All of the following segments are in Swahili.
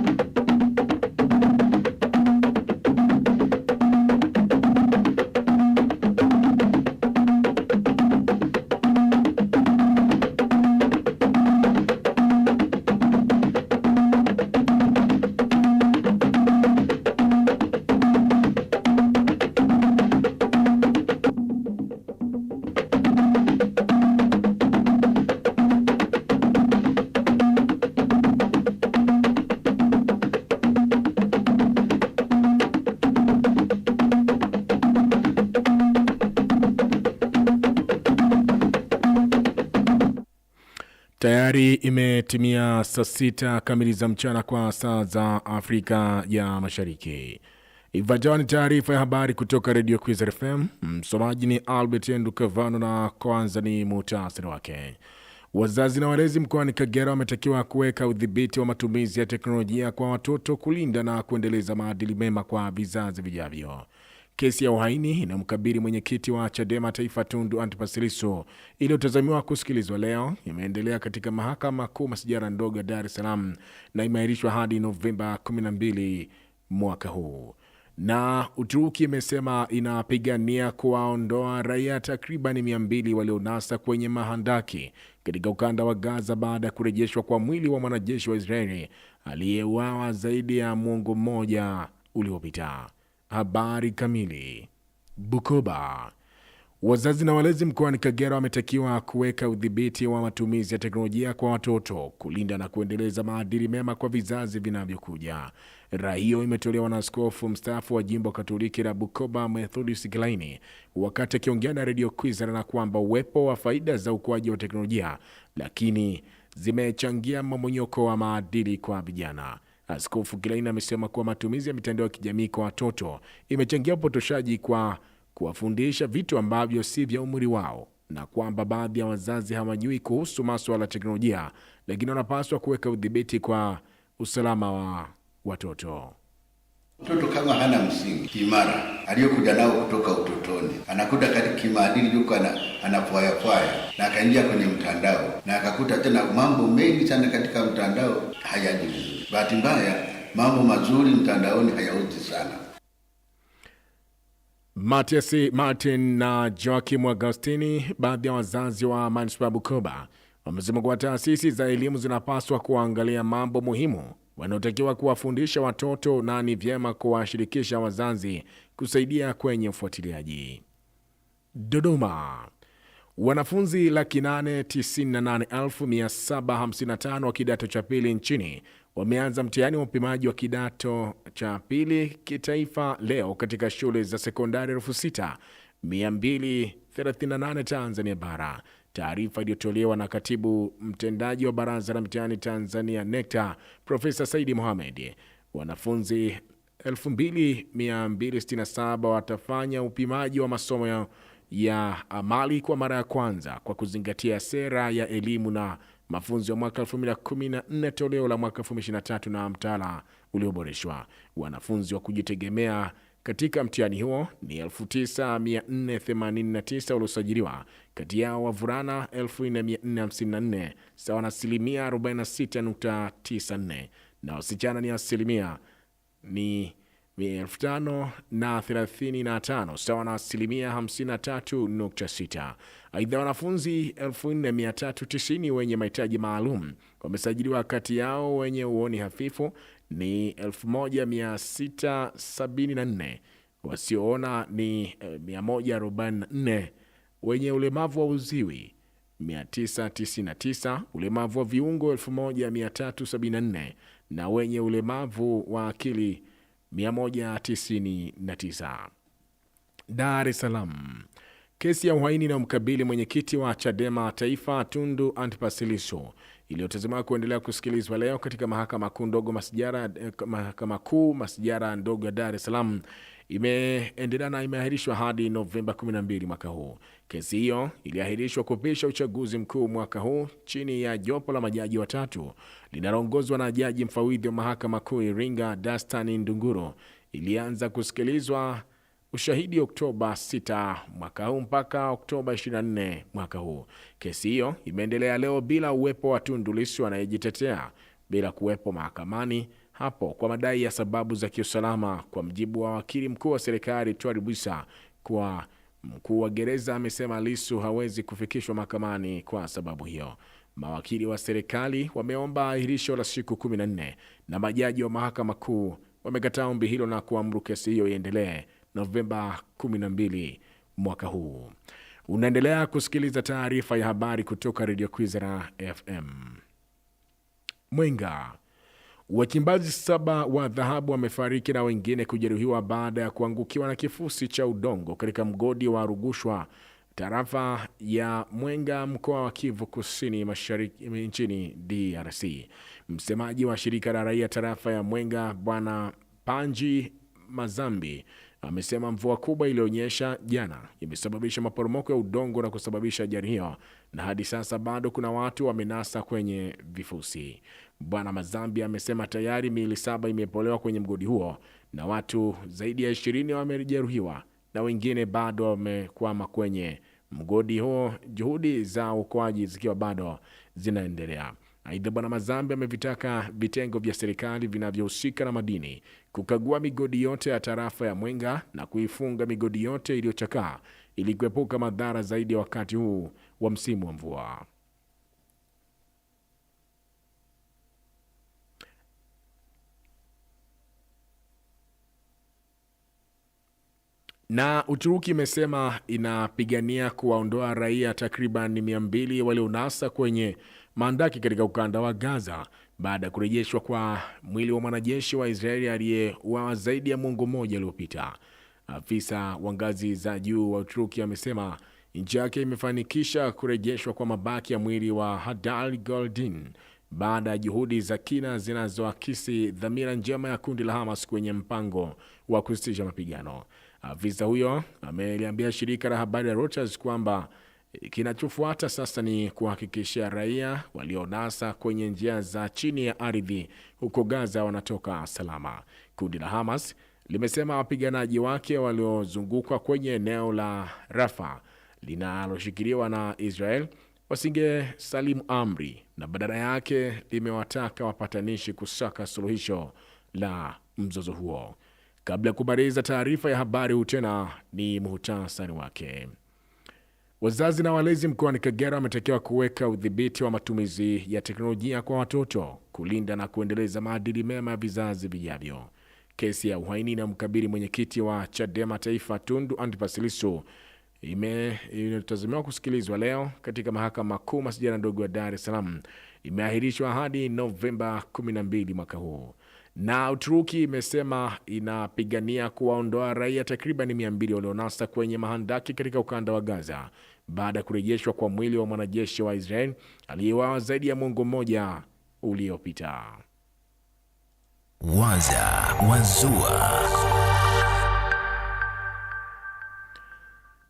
Thank you. Tayari imetimia saa sita kamili za mchana kwa saa za Afrika ya Mashariki. Ifuatayo ni taarifa ya habari kutoka Redio Kwizera FM. Msomaji ni Albert Ndukavano na kwanza ni muhtasari wake. Wazazi na walezi mkoani Kagera wametakiwa kuweka udhibiti wa matumizi ya teknolojia kwa watoto, kulinda na kuendeleza maadili mema kwa vizazi vijavyo. Kesi ya uhaini inayomkabili mwenyekiti wa Chadema Taifa Tundu Antipas Lissu iliyotazamiwa kusikilizwa leo imeendelea katika Mahakama Kuu Masijara ndogo ya Dar es Salaam na imeahirishwa hadi Novemba 12 mwaka huu. Na Uturuki imesema inapigania kuwaondoa raia takribani mia walionasa kwenye mahandaki katika ukanda wa Gaza baada ya kurejeshwa kwa mwili wa mwanajeshi wa Israeli aliyeuawa zaidi ya mwongo mmoja uliopita. Habari kamili. Bukoba, wazazi na walezi mkoani Kagera wametakiwa kuweka udhibiti wa matumizi ya teknolojia kwa watoto, kulinda na kuendeleza maadili mema kwa vizazi vinavyokuja. Rai hiyo imetolewa na askofu mstaafu wa jimbo Katoliki la Bukoba, Methodius Kilaini, wakati akiongea na redio Kwizera, na kwamba uwepo wa faida za ukuaji wa teknolojia, lakini zimechangia mmomonyoko wa maadili kwa vijana. Askofu Kilaini amesema kuwa matumizi ya mitandao ya kijamii kwa watoto imechangia upotoshaji kwa kuwafundisha vitu ambavyo si vya umri wao na kwamba baadhi ya wazazi hawajui kuhusu masuala ya teknolojia, lakini wanapaswa kuweka udhibiti kwa usalama wa watoto. Mtoto kama hana msingi kimara aliyokuja nao kutoka utotoni, anakuta kati kimaadili yuko anapwayapwaya na akaingia kwenye mtandao na akakuta tena mambo mengi sana katika mtandao hayaji vizuri. Bahati mbaya, mambo mazuri mtandaoni hayauzi sana. Matias Martin na Joakim Agostini, baadhi ya wazazi wa manispaa Bukoba, wamesema kuwa taasisi za elimu zinapaswa kuangalia mambo muhimu wanaotakiwa kuwafundisha watoto na ni vyema kuwashirikisha wazazi kusaidia kwenye ufuatiliaji. Dodoma, wanafunzi laki 898755 wa kidato cha pili nchini wameanza mtihani wa upimaji wa kidato cha pili kitaifa leo katika shule za sekondari elfu sita mia mbili 38 Tanzania bara. Taarifa iliyotolewa na katibu mtendaji wa baraza la mtihani Tanzania NECTA Profesa Saidi Mohamed, wanafunzi 2267 watafanya upimaji wa masomo ya, ya amali kwa mara ya kwanza kwa kuzingatia sera ya elimu na mafunzo ya mwaka 2014 toleo la mwaka 2023 na mtaala ulioboreshwa. Wanafunzi wa kujitegemea katika mtihani huo ni 9489 waliosajiliwa, kati yao wavulana 4454 sawa na asilimia 46.94 na wasichana ni asilimia ni 5035 sawa na asilimia 53.6. Aidha, wanafunzi 4390 wenye mahitaji maalum wamesajiliwa, kati yao wenye uoni hafifu ni 1674, wasioona ni 144, eh, wenye ulemavu wa uziwi 999, ulemavu wa viungo 1374 na wenye ulemavu wa akili 199. Dar es Salaam Kesi ya uhaini na mkabili mwenyekiti wa Chadema Taifa Tundu Antipas Lissu iliyotazamiwa kuendelea kusikilizwa leo katika mahakama kuu ndogo masijara, mahakama kuu masijara ndogo ya Dar es Salaam imeendelea na imeahirishwa hadi Novemba 12 mwaka huu. Kesi hiyo iliahirishwa kupisha uchaguzi mkuu mwaka huu chini ya jopo la majaji watatu linaloongozwa na jaji mfawidhi wa mahakama kuu Iringa Dastani Ndunguru. Ilianza kusikilizwa ushahidi Oktoba 6 mwaka huu mpaka Oktoba 24 mwaka huu. Kesi hiyo imeendelea leo bila uwepo wa Tundu Lissu anayejitetea bila kuwepo mahakamani hapo kwa madai ya sababu za kiusalama, kwa mjibu wa wakili mkuu wa serikali Twalib Bwisa. Kwa mkuu wa gereza amesema Lissu hawezi kufikishwa mahakamani kwa sababu hiyo. Mawakili wa serikali wameomba ahirisho la siku 14 na majaji wa mahakama kuu wamekataa ombi hilo na kuamuru kesi hiyo iendelee Novemba 12 mwaka huu. Unaendelea kusikiliza taarifa ya habari kutoka Radio Kwizera FM. Mwenga, wachimbaji saba wa dhahabu wamefariki na wengine kujeruhiwa baada ya kuangukiwa na kifusi cha udongo katika mgodi wa Rugushwa, tarafa ya Mwenga, mkoa wa Kivu Kusini Mashariki nchini DRC. Msemaji wa shirika la raia tarafa ya Mwenga, Bwana Panji Mazambi amesema mvua kubwa iliyonyesha jana imesababisha maporomoko ya udongo na kusababisha ajali hiyo, na hadi sasa bado kuna watu wamenasa kwenye vifusi. Bwana Mazambi amesema tayari miili saba imepolewa kwenye mgodi huo na watu zaidi ya ishirini wamejeruhiwa na wengine bado wamekwama kwenye mgodi huo, juhudi za uokoaji zikiwa bado zinaendelea. Aidha, Bwana Mazambe amevitaka vitengo vya serikali vinavyohusika na madini kukagua migodi yote ya tarafa ya Mwenga na kuifunga migodi yote iliyochakaa ili kuepuka madhara zaidi ya wakati huu wa msimu wa mvua. Na Uturuki imesema inapigania kuwaondoa raia takriban 200 walionasa kwenye maandaki katika ukanda wa Gaza baada ya kurejeshwa kwa mwili wa mwanajeshi wa Israeli aliyeuawa zaidi ya mwongo mmoja uliopita. Afisa wa ngazi za juu wa Uturuki amesema nchi yake imefanikisha kurejeshwa kwa mabaki ya mwili wa hadal Goldin baada ya juhudi za kina zinazoakisi dhamira njema ya kundi la Hamas kwenye mpango wa kusitisha mapigano. Afisa ah, huyo ameliambia shirika la habari la Reuters kwamba eh, kinachofuata sasa ni kuhakikisha raia walionasa kwenye njia za chini ya ardhi huko Gaza wanatoka salama. Kundi la Hamas limesema wapiganaji wake waliozungukwa kwenye eneo la Rafa linaloshikiliwa na Israel wasinge salimu amri na badala yake limewataka wapatanishi kusaka suluhisho la mzozo huo. Kabla ya kumaliza taarifa ya habari, huu tena ni muhtasari wake. Wazazi na walezi mkoani Kagera wametakiwa kuweka udhibiti wa matumizi ya teknolojia kwa watoto, kulinda na kuendeleza maadili mema ya vizazi vijavyo. Kesi ya uhaini inayomkabili mwenyekiti wa Chadema Taifa Tundu Antipas Lissu inatazamiwa kusikilizwa leo katika Mahakama Kuu Masijara ndogo ya Dar es Salaam imeahirishwa hadi Novemba 12 mwaka huu. Na Uturuki imesema inapigania kuwaondoa raia takriban 200 walionasa kwenye mahandaki katika ukanda wa Gaza baada ya kurejeshwa kwa mwili wa mwanajeshi wa Israel aliyewawa zaidi ya mwongo mmoja uliopita. Waza Wazua.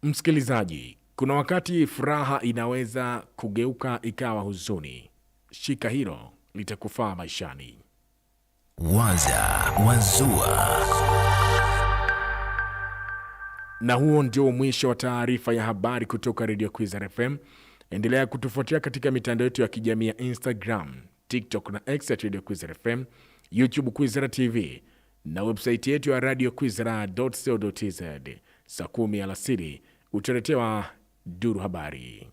Msikilizaji, kuna wakati furaha inaweza kugeuka ikawa huzuni. Shika hilo litakufaa maishani. Waza Wazua. Na huo ndio mwisho wa taarifa ya habari kutoka Radio Kwizera FM. Endelea kutufuatia katika mitandao yetu ya kijamii ya Instagram, TikTok na X at Radio Kwizera FM, YouTube Kwizera TV na websaiti yetu ya Radio Kwizera.co.tz. Saa kumi alasiri utaletewa duru habari.